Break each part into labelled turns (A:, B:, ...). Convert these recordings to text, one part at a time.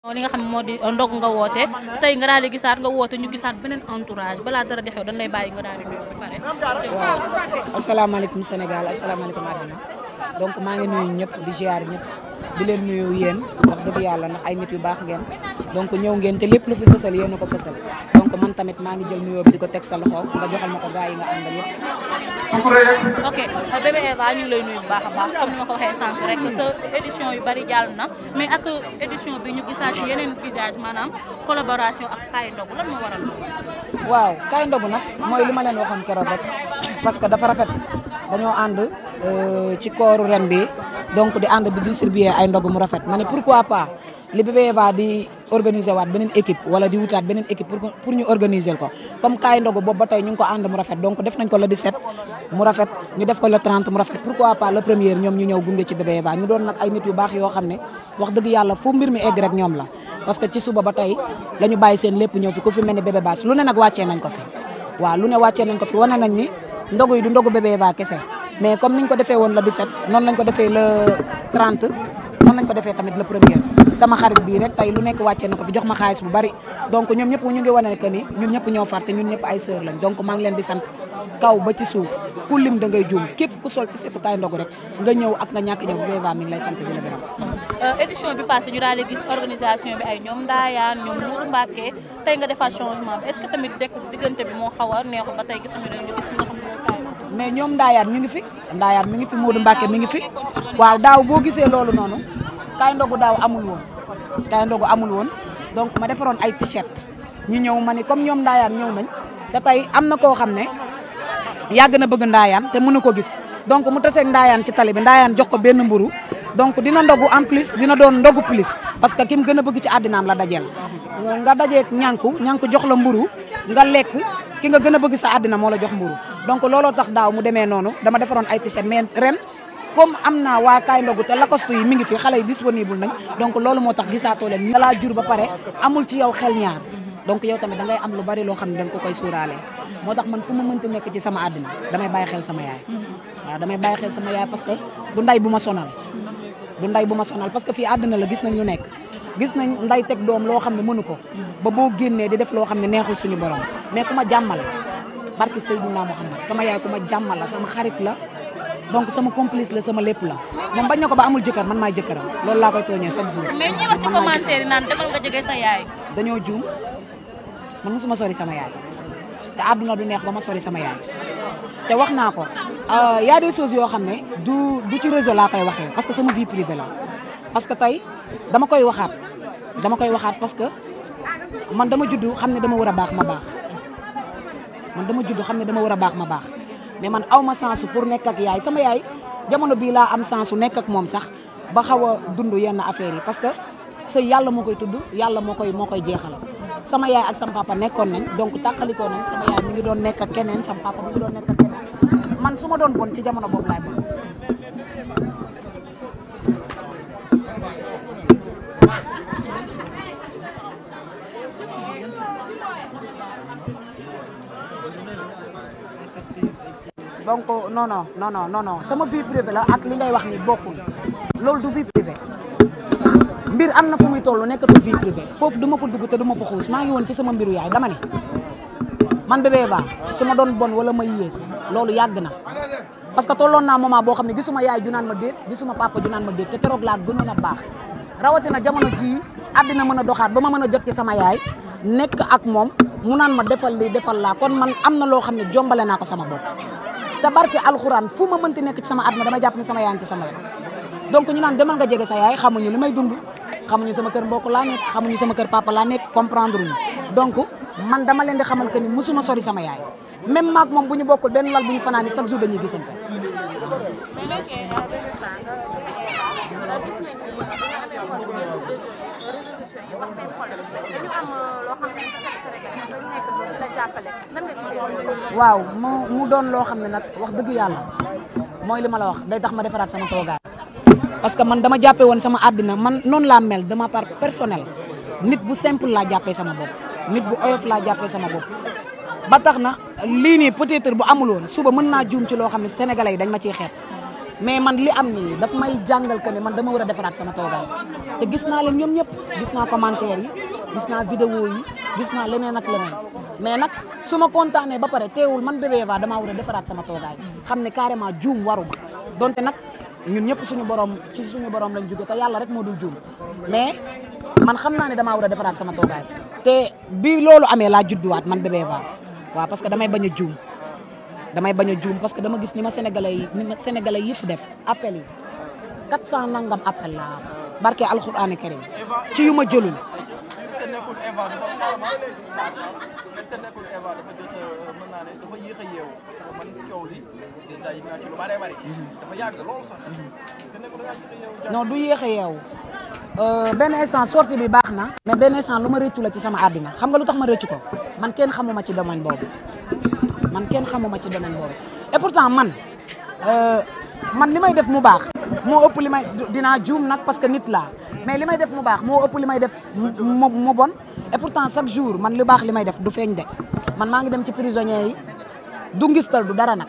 A: li
B: nga xam moo di ndog nga woote tey nga daal di gisaat nga woote ñu gisaat beneen entourage balaa dara di xew dañ lay bàyyi nga daal di nuyoo ba pare. waaw
A: asalaamaaleykum donc maa ngi nuyu ñëpp di ziar ñëpp di leen nuyu yéen wax dëgg yàlla ndax ay nit yu baax ngeen donc ñëw ngeen te lépp lu fi fësal yéen a ko fësal donc man tamit maa ngi jël nuyoo bi di ko teg sa loxo nga joxal ma ko gars yi nga àndal yëpp. ok
B: bébé Eva ñu na ak édition bi ñu gisaat yeneen visage maanaam collaboration ak Kaay Ndogu lan moo waral
A: waaw Kaay Ndogu nag mooy li ma leen waxoon keroog parce que dafa rafet dañoo ànd euh, ci kooru ren bi donc di ànd di distribuer ay ndogu mu rafet ma ne pourquoi li bébé Eva di organiser waat beneen équipe wala di wutaat beneen équipe pour pour ñu organiser ko comme kaay ndogu boobu ba tey ñu ngi ko ànd mu rafet donc def nañ ko le 17 mu rafet ñu def ko le 30 mu rafet pourquoi pas le premier ñoom ñu ñëw gunge ci bébé Eva ñu doon nag ay nit yu baax yoo xam ne wax dëgg yàlla fu mbir mi egg rek ñoom la parce que ci suba ba tey la ñu bàyyi seen lépp ñëw fi ku fi mel ni bébé Bass lu ne nag wàccee nañ ko fi waaw lu ne wàccee nañ yi du ndogu bébé Eva kese mais comme niñ ko defee woon le 17 noonu lañ ko defee le 30 noonu ko defee tamit le sama xarit bii rek tey lu nekk wàcce na ko fi jox ma xaalis bu bari donc ñoom ñëpp ñu ngi wane que ni ñun ñëpp ñoo far te ñun ñëpp ay sœur lañ donc maa ngi leen di sant kaw ba ci suuf ku lim da ngay juum képp ku sol ci setukaay ndogu rek nga ñëw ak nga ñàkk ñëw bu Weva mi lay sant di la
B: euh, bi passé gis organisation bi ñoom ndaayaan ñoom Nour nga defaat changement bi est-ce que tamit dekk diggante moo xaw a neexul ba tey gisuñu leen ñu gis nga xam ne
A: mais ñoom ndaayaan ñu ngi fi ndaayaan mi ngi fi Modou Mbacke mi ngi fi waaw daaw boo gisee loolu noonu kaay ndogu daaw amul woon kaay ndogu amul woon donc ma defaroon ay t-shirt ñu ñëw ma ni comme ñoom ndaayaan ñëw nañ te tey am na koo xam ne yàgg na bëgg ndaayaan te mën mënu ko gis donc mu taseeg ndaayaan ci tali bi ndaayaan jox ko benn mburu donc dina ndogu en plus dina doon ndogu plus parce que ki mu gën a bëgg ci àddinaam la dajeel nga dajeek ñànku ñànku jox la mburu nga lekk ki nga gën a bëgg sa àddina moo la jox mburu donc looloo tax daaw mu demee noonu dama defaroon ay t-shirt ren comme am naa waa kaay ndogu te lakostu yi mi ngi fi xale yi disponible nañ donc loolu moo tax gisaatoo leen dalaa jur ba pare amul ci yow xel ñaar donc yow tamit da ngay am lu bari loo xam ne da ko koy suuraale moo tax man fu ma mënta nekk ci sama àddina damay xel sama yaay waaw damay bàyyi sama yaay parce que du nday bu ma sonal du nday bu ma sonal parce que fii àddina la gis nañ ñu nekk gis nañ nday teg doom loo xam ne mënu ko ba boo génnee di def loo xam ne neexul suñu borom mais ku ma jàmmal moo xam ne sama yaay ku ma jàmmal la sama xarit la donc sama complice la sama lépp la moom bañ na ko ba amul jëkkër man maay jëkkëram loolu laa koy tooñee chaque jour.
C: mais ñi
B: wax ci commentaire yi naan demal nga jege sa yaay.
A: dañoo juum man mosuma sori sama yaay te àdduna du neex ba ma sori sama yaay te wax naa ko euh, y a sos yoo xam ne du du ci réseau laa koy waxee parce que sama vie privée la parce que tey dama koy waxaat dama koy waxaat parce que man dama juddu xam ne dama war a baax ma baax man dama juddu xam ne dama war a baax ma baax. mais man aw ma sensu pour nekk ak yaay sama yaay jamono bii laa am sensu nekk ak moom sax ba xaw a dund yenn affaire yi parce que sëy yàlla moo koy tudd yàlla moo koy moo koy jeexal sama yaay ak sama papa nekkoon nañ donc tàqalikoo nañ sama yaay mi ngi doon nekk keneen sama papa mi ngi doon nekk ak keneen man su ma doon bon ci jamono boobu laay bon donc non non non sama vie privée la ak li ngay wax ni bokkul loolu du vie privée mbir am na fu muy tollu nekkatu fii privée foofu duma ma fa te duma ma fa xuus maa ngi woon ci sama mbiru yaay dama ne man Bébé Eva su doon bon wala ma yées loolu yàgg na parce que tolloon naa moment boo xam ne gisuma yaay ju naan ma déet gisuma papa ju naan ma déet te keroog laa gënoon a baax rawatina jamono jii àddina mën a doxaat ba ma mën a jot ci sama yaay nekk ak moom mu naan ma defal lii defal laa kon man am na loo xam ne jombale naa ko sama bopp te barke alxuraan fu ma mënti nekk ci sama àdduna dama jàpp ne sama yaay ci sama yaram donc ñu naan demal nga jege sa yaay xamuñu li may dund xamuñu sama kër mbokk laa nekk xamuñu sama kër papa laa nekk comprendre ñu donc man dama leen di xamal que ni musuma sori sama yaay même maag moom bu ñu bokkul benn lal bu ñu fanaani chaque jour dañuy gisante. jàppale nan nga
C: gisee waaw
A: mu doon loo xam ne nag wax dëgg yàlla mooy li ma la wax day tax ma defaraat sama toogaay parce que man dama jàppee woon sama àddina man noonu laa mel dama par personnel nit bu simple laa jàppee sama bopp nit bu oyof laa jàppee sama bopp ba tax na lii nii peut-être bu amul woon suba mën naa juum ci loo xam ne sénégalais yi dañ ma ciy xeet mais man li am nii dafa may jàngal que ne man dama war a defaraat sama toogaay te gis naa leen ñoom ñëpp gis gis naa leneen ak leneen mais nag su ma kontaanee ba pare teewul man bébé Eva damaa war a defaraat sama toogaay xam ne carrément juum waruma donte nag ñun ñëpp suñu borom ci suñu borom lañ jóge te yàlla rek moo dul juum mais man xam naa ne damaa war a defaraat sama toogaay te bi loolu amee laa judduwaat man bébé Eva waaw parce que damay bañ a juum damay bañ a juum parce que dama gis ni ma sénégalais yi yëpp def appel yi 400 nangam appel laa barke alxuraani karim ci yu ma jëlul
B: nekkul Eva dafa est-ce que euh, naa ne a yeewu parce que man coow li lu yéex a
A: yeewu. non du yéex yeewu. Euh, benn instant sortie bi baax na. mais benn instant lu ma rëccu la ci sama àddina xam nga lu tax ma rëccu ko man kenn xamuma ci domaine boobu man kenn xamuma ci domaine boobu et pourtant man. Euh, man li may def mu baax moo ëpp li may dinaa juum nag parce que nit laa mais li may def mu baax moo ëpp li may def mu bon et pourtant chaque jour man lu baax li may def du feeñ de man maa ngi dem ci prisonniers yi du ngistal du dara nag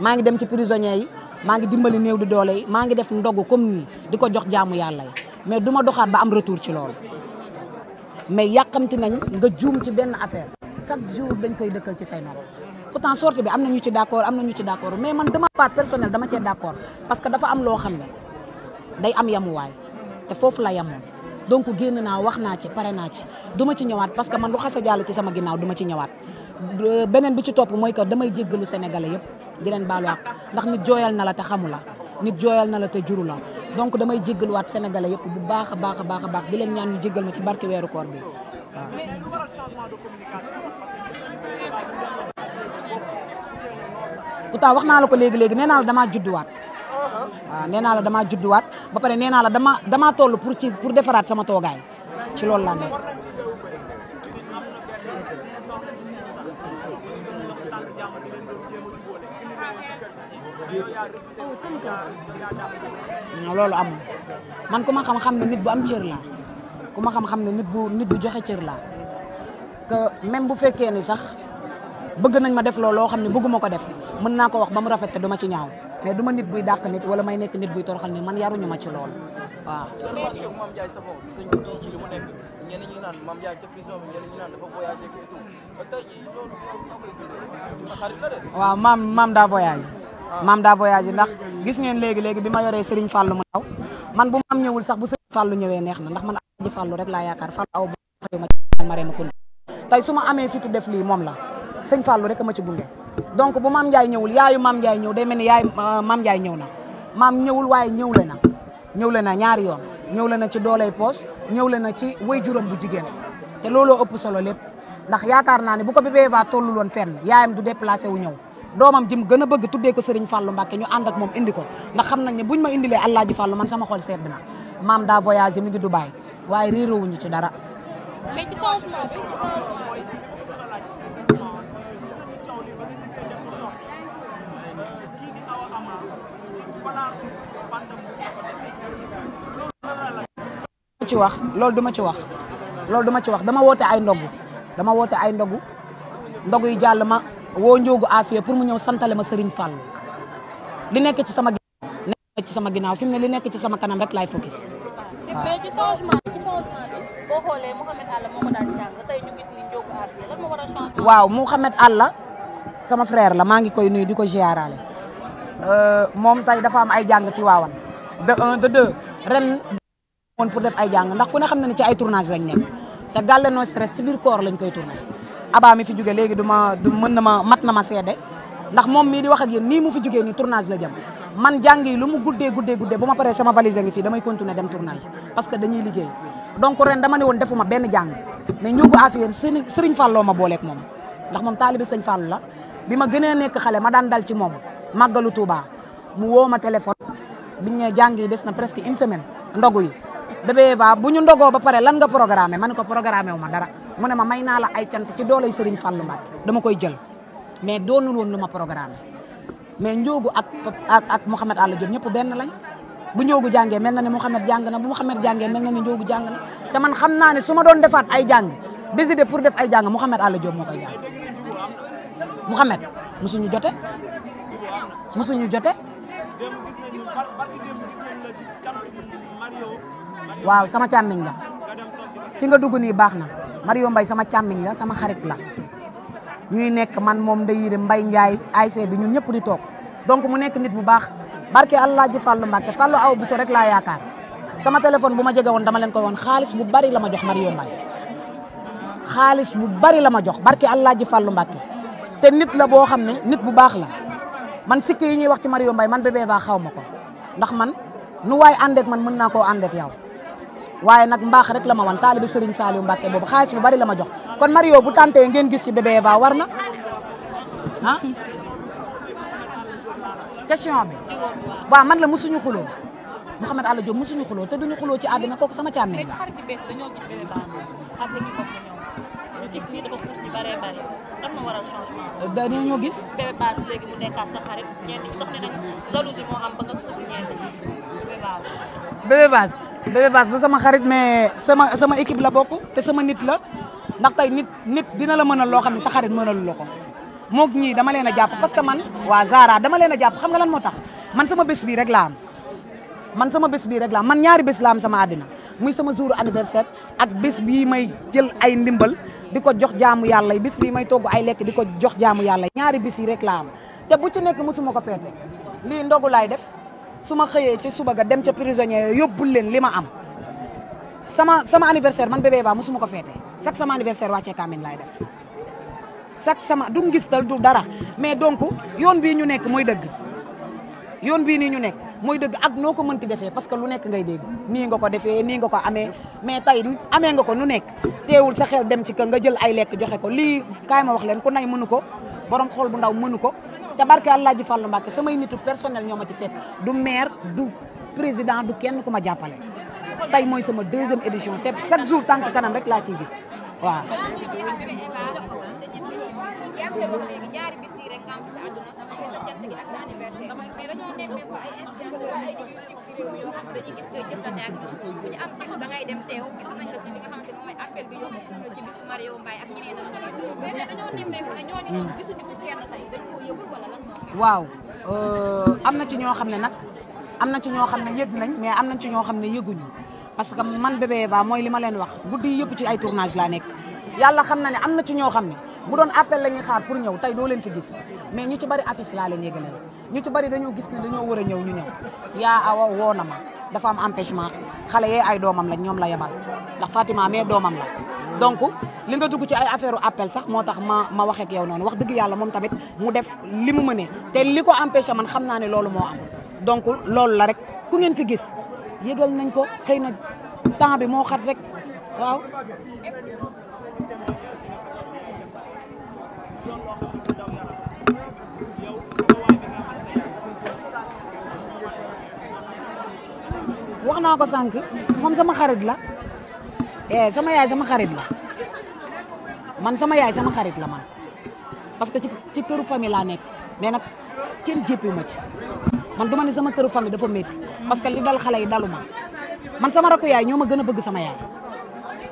A: maa ngi dem ci prisonniers yi maa ngi dimbali néew di doole yi maa ngi def ndogu comme nii di ko jox jaamu yàlla yi mais duma ma doxaat ba am retour ci loolu mais yàqamti nañ nga juum ci benn affaire chaque jour dañ koy dëkkal ci say morom pourtant sortie bi am na ñu ci d'accord am na ñu ci d'accord mais man dama part personnel dama cee d'accord parce que dafa am loo xam ne day am yamuwaay te foofu la yamoon donc génn naa wax naa ci pare naa ci duma ci ñëwaat parce que man lu xasa jàll ci sama ginnaaw duma ci ñëwaat euh, beneen bi ci topp mooy que damay jéggalu sénégalais yépp di leen baalu ndax nit jooyal na la te xamu la nit jooyal na la te juru la donc damay jéggaluwaat sénégalais yépp bu baax a baax a baax a baax di leen ñaan ñu jéggal ma ci barke weeru koor bi
C: pourtant wax naa la ko léegi-léegi nee
A: naa la damaa judduwaat waaw nee naa la damaa judduwaat ba pare nee naa la dama damaa toll pour ci pour defaraat sama toogaay ci loolu laa nekk loolu amul man ku ma xam-xam ne nit bu am cër laa ku ma xam-xam ne nit bu joxe cër la que même bu fekkee ni sax bëgg nañ ma def loolu loo xam ne bëgguma ko def mën naa ko wax ba mu rafet te du ci ñaaw mais du ma nit buy dàq nit wala may nekk nit buy toroxal nit man yaruñu ma ci loolu waaw. sa relation ak
C: Mame Ndiaye Savon gis nañ ko ci li bi
A: maam maam daa voyagé. maam daa voyagé ndax gis ngeen léegi léegi bi ma yoree sëriñ Fallou mu ndaw man bu am ñëwul sax bu Serigne Fallou ñëwee neex na ndax man Alaaji Fallou rek laa yaakaar Fallou aw ba ma ma tey su ma amee fitu def lii moom la sëñ Fallou rek ma ci gunge donc bu maam Ndiaye ñëwul yaayu maam Ndiaye ñëw day mel ni yaay euh, maam Ndiaye ñëw na maam ñëwul waaye ñëw le na ñëw le na ñaari yoon ñëw le na ci doole poche ñëw le na ci way juróom bu jigéen te looloo ëpp solo lépp ndax yaakaar naa ne bu ko bébé Eva tollul woon fenn yaayam du déplacé wu ñëw doomam jim gën a bëgg tuddee ko Serigne Fallou Mbacké ñu ànd ak moom indi ko ndax xam nañ ne buñ ma indilee Alaaji Fallou man sama xol sedd na maam daa voyagé mu ngi Dubaay waaye réeróowuñu ci dara ba nga ci wax loolu duma ci wax loolu duma ci wax dama woote ay ndogu dama woote ay ndogu ndogu yi jàll ma woo Ndiogu Afia pour mu ñëw santale ma sëriñ Fall li nekk ci sama nekk ci sama ginnaaw ne li nekk ci sama kanam rek laay focus gis waaw Mouhamed Alla sama frère la maa ngi koy nuyu di ko ziaraale euh, moom tey dafa am ay jàng ci waawan de un de ren woon pour def ay jàng ndax ku ne xam na ne ci ay tournage lañ nekk te gàlle no stress ci biir koor lañ koy tourné abaa mi fi juge léegi du ma mën na ma mat na ma seede ndax moom mii di wax ak yéen nii mu fi jógee nii tournage la jëm man jàng yi lu mu guddee guddee guddee bu ma paree sama valise ngi fii damay continuer dem tournage parce que dañuy liggéey donc ren dama ne woon defuma benn jàng mais ñu ko affaire Serigne Falloo ma booleeg moom ndax moom taalibe Sëñ Fall la bi ma gënee nekk xale ma daan dal ci moom màggalu Touba mu woo ma téléphone biñ ne jàng yi des na presque une semaine ndogu yi bébé Eva bu ñu ndogoo ba pare lan nga programmé ma ne ko programme wu ma dara mu ne ma may naa la ay cant ci doolay Serigne Fallou Mbacke dama koy jël mais doonul woon lu ma programme mais njoogu ak ak ak Mouhamed Alla Diop ñëpp benn lañ bu Ndiogu jàngee mel na ne Mouhamed jàng na bu Mouhamed jàngee mel na ne Ndiogu jàng na te man xam naa ne su ma doon defaat ay jàng décidé pour def ay jàng Mouhamed Alla Diop moo
C: Mouhamed mosuñu jote mosuñu jote waaw sama càmmiñ la
A: fi nga dugg nii baax na Mario mbay sama càmmiñ la sama xarit la ñuy nekk man moom Ndeye Yérim mbay Ndiaye AIC bi ñun ñëpp di toog donc mu nekk nit bu baax barke Allah ji Fallou Mbacke fallu aw bu rek laa yaakaar sama téléphone bu ma jege woon dama leen koy woon xaalis bu bari la ma jox Mario xaalis bu bari la ma jox barke Allah ji Fallou Mbacke te nit la boo xam ne nit bu baax la man sikk yi ñuy wax ci Mario mbay man bébé Eva xaw ma ko ndax man nu waay àndeek man mën naa ko àndeek yow waaye nag mbaax rek la ma wan taalibi Serigne Saliou Mbacke boobu xaalis bu bari la ma jox kon Mario bu tàntee ngeen gis ci bébé Eva war na
C: ah question bi waaw
A: man la musuñu xuloo Mouhamed Alla musu musuñu xuloo te duñu xuloo ci àddina kooku sama càmmee la
B: ñu gis nii bi. dañoo gis. Bébé Bass xarit ne nañu jalousie
A: Bébé Bass. Bébé Bass Bébé sama xarit mais sama équipe la bokk te sama nit la ndax tey nit nit dina la mënal loo xam ne sa xarit mënalu la ko. moo ñii dama leen a jàpp parce que man waa Zara dama leen a jàpp xam nga lan moo tax man sama bés bii rek laa am man sama bés bii rek laa am man ñaari bés laa am sama àddina. muy sama jour anniversaire ak bés bi may jël ay ndimbal di ko jox jaamu yàlla yi bés bii may togg ay lekk di ko jox jaamu yàlla ñaari bis yi rek laa am te bu ci nekk mosuma ko feete lii ndogu laay def su ma xëyee ci suba ga dem ca prisonnier yóbbul leen li ma am sama sama anniversaire man bébé ba mosuma ko feete chaque sama anniversaire wàccee kaamin laay def chaque sama du ngistal du dara mais donc yoon bii ñu nekk mooy dëgg yoon bii nii ñu nekk mooy dëgg ak noo ko mënti defee parce que lu nekk ngay dégg nii nga ko defee nii nga ko amee mais tey amee nga ko nu nekk teewul sa xel dem ci ka nga jël ay lekk joxe ko lii kaay ma wax leen ku nay mënu ko borom xool bu ndaw mënu ko te barke Allah ji Fallou Mbacke samay nitu personnel ñoo ma ci fekk du maire du président du kenn ku ma jàppale tey mooy sama deuxième édition te chaque jour tànk kanam rek laa ciy gis waaw ne ñu waaw euh, am na ci ñoo xam ne nag am na ci ñoo xam ne yëg nañ mais am na ci ñoo xam ne yëguñu parce que man bébé ba mooy li ma leen wax guddi yëpp ci ay tournage laa nekk yàlla xam na ne am na ci ñoo xam ne bu doon appel la ñuy xaar pour ñëw tey doo leen fi gis mais ñu ci bari affiche laa leen yëgaleel ñu ci bari dañoo gis ne dañoo war a ñëw ñu ñëw yaa awa woo na ma dafa am empêchement xale yee ay doomam lañ ñoom la yebal ndax Fatima mais doomam la donc li nga dugg ci ay affaire appel sax moo tax ma ma wax ak yow wax dëgg yàlla moom tamit mu def li mu mëne te li ko empêché man xam naa ne loolu moo donc loolu la rek ku ngeen fi gis yëgal nañ ko xëy na temps bi moo xat rek waaw wax naa ko sànq moom sama xarit la eh sama yaay sama xarit la man sama yaay sama xarit la man parce que ci ci këru famille laa nekk mais nag kenn jéppiwu ma ci man duma ne sama këru famille dafa métti parce que li dal xale yi dalu ma man sama rakku yaay ñoo ma gën a bëgg sama yaay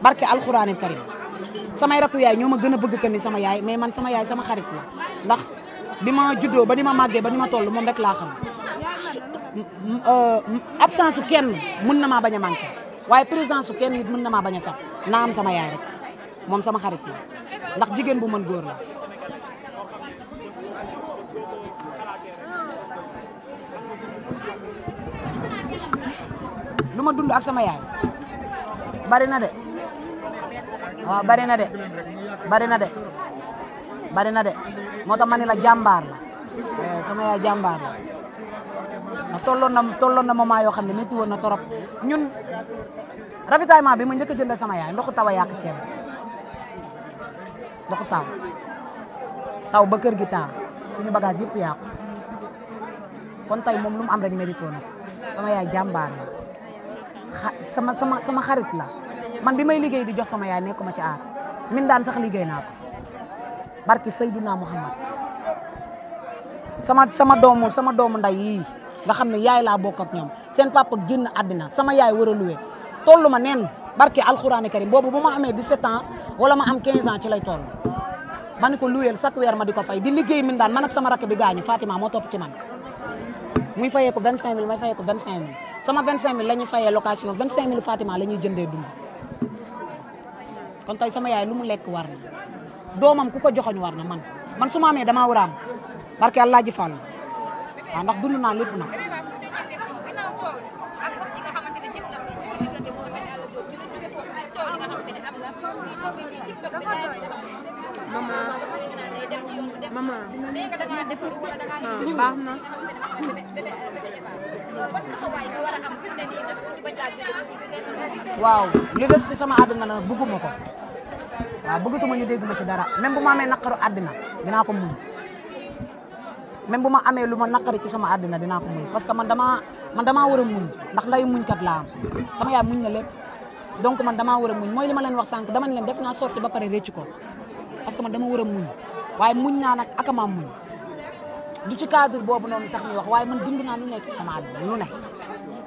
A: barke alxuraanil karim samay rakku yaay ñoo ma gën a bëgg tamit sama yaay mais man sama yaay sama xarit la ndax bi ma juddoo ba ni ma màggee ba ni ma toll moom rek laa xam Euh, absence su kenn mun na ma bañ a manqué waaye présence su kenn it mën na maa bañ a saf sama yaay rek moom sama xarit la ndax jigéen bu mën góor la. lu ma dund ak sama yaay bari na de waaw bari na de bari na de bari na de moo tax ma la jàmbaar la eh, sama yaay jàmbaar la. ndax tolloon na tolloon na moment yoo xam ne métti woon na torop ñun ravitaillement bi mu njëkk a jëndal sama yaay ndoxu taw a yàq ceeb taw taw ba kër gi taa suñu bagage yëpp yàqu kon tey moom lu mu am rek mérité na sama yaay jàmbaar la sama sama sama xarit la man bi may liggéey di jox sama yaay ma ci aar min daan sax liggéey naa ko barki Seydouna Muhammad sama sama doomu sama doomu nday nga xam ne yaay laa bokk ak ñoom seen papa génn àddina sama yaay war a luwee tollu ma neen barke alxuraani karim boobu bu ma amee 17 ans wala ma am 15 ans ci lay toll. ma ne ko luweel chaque weer ma di ko fay di liggéey min daan man ak sama rakk bi gaañu Fatima moo topp ci man muy fayee ko 25000 may fayee ko 25000 sama 25000 la ñuy fayee location 25000 Fatima la ñuy jëndee kon tey sama yaay lu mu lekk war na doomam ku ko joxoñ war na man man su ma amee damaa war a am barke Alaaji Fall waaw ndax dund si sama nag. maman maman baax na. waaw li des ci ñu dégg ma ci dara même bu ma amee naqaru àddina dinaa ko muñ. même bu ma amee lu ma naqari ci sama àddina dinaa ko muñ parce que ma damaa man damaa war a muñ ndax nday muñkat laa am sama yaay muñ na lépp donc man damaa war a muñ mooy li ma leen wax sànq dama ne leen def naa sorti ba pare rëcc ko parce que man dama war a muñ waaye muñ naa nag akama muñ du ci cadre boobu noonu sax ñuy wax waaye man dund naa lu nekk ci sama àddina lu ne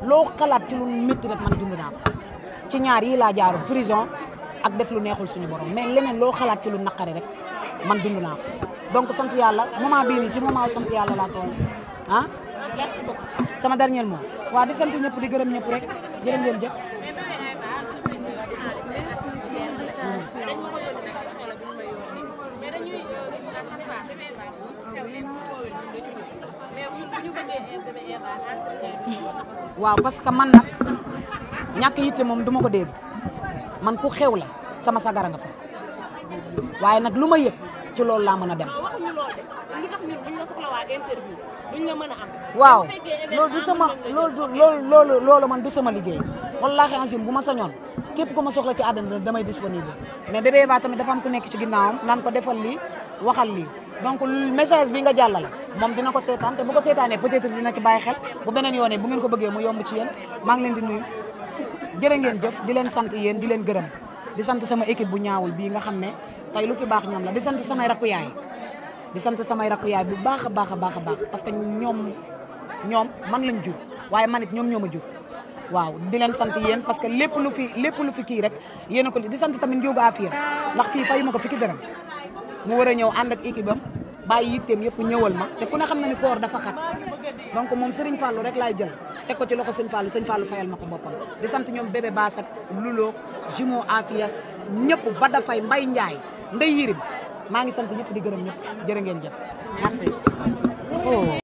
A: loo xalaat ci lu métti rek man dund naa ko ci ñaar yi laa jaaru prison ak def lu neexul suñu borom mais leneen loo xalaat ci lu naqari rek man dund donc sant yàlla moment bii nii ci moment sant yàlla laa toll ah. merci sama dernier mot waaw di sant ñëpp di parce que man nag ñàkk yitte moom duma ko dégg man ku xew la sama sagara nga fa waaye nag lu ma yëg ci loolu laa mën a dem.
B: waaw loolu du sama
A: loolu du loolu loolu man du sama liggéey wallaahi angim bu ma sañoon képp ku ma soxla ci àddina damay disponible mais bébé Eva tamit dafa am ku nekk ci ginnaawam naan ko defal lii waxal lii donc message bi nga jàllale moom dina ko seetaan te bu ko seetaanee peut-être dina ci bàyyi xel bu beneen yoonee bu ngeen ko bëggee mu yomb ci yéen maa ngi leen di nuyu jërë ngeen jëf di leen sant yéen di leen gërëm di sant sama équipe bu ñaawul bii nga xam ne tey lu fi baax ñoom la di sant sama rakku yaay di sant samay rakku yaay bu baax a baax a baax a baax parce que ñoom ñoom man lañ jur waaye man it ñoom ñoo ma jur waaw di leen sant yéen parce que lépp lu fi lépp lu fi kii rek yéen a ko di sant tamit njóogu afiya ndax fii fayu ma ko fi ki dërëm mu war a ñëw ànd ak équipe am bàyyi yitteem yëpp ñëwal ma te ku ne xam na ni koor dafa xat donc moom Serigne Fallou rek laay jël teg ko ci loxo Serigne Fallou Serigne Fallou fayal ma ko boppam di sant ñoom bébé baas ak luloo jumeau afiya ñëpp ba dafay mbay njaay nday Yirim maa ngi sant ñëpp di gërëm ñëpp jërë ngeen jëf merci.
C: Oh.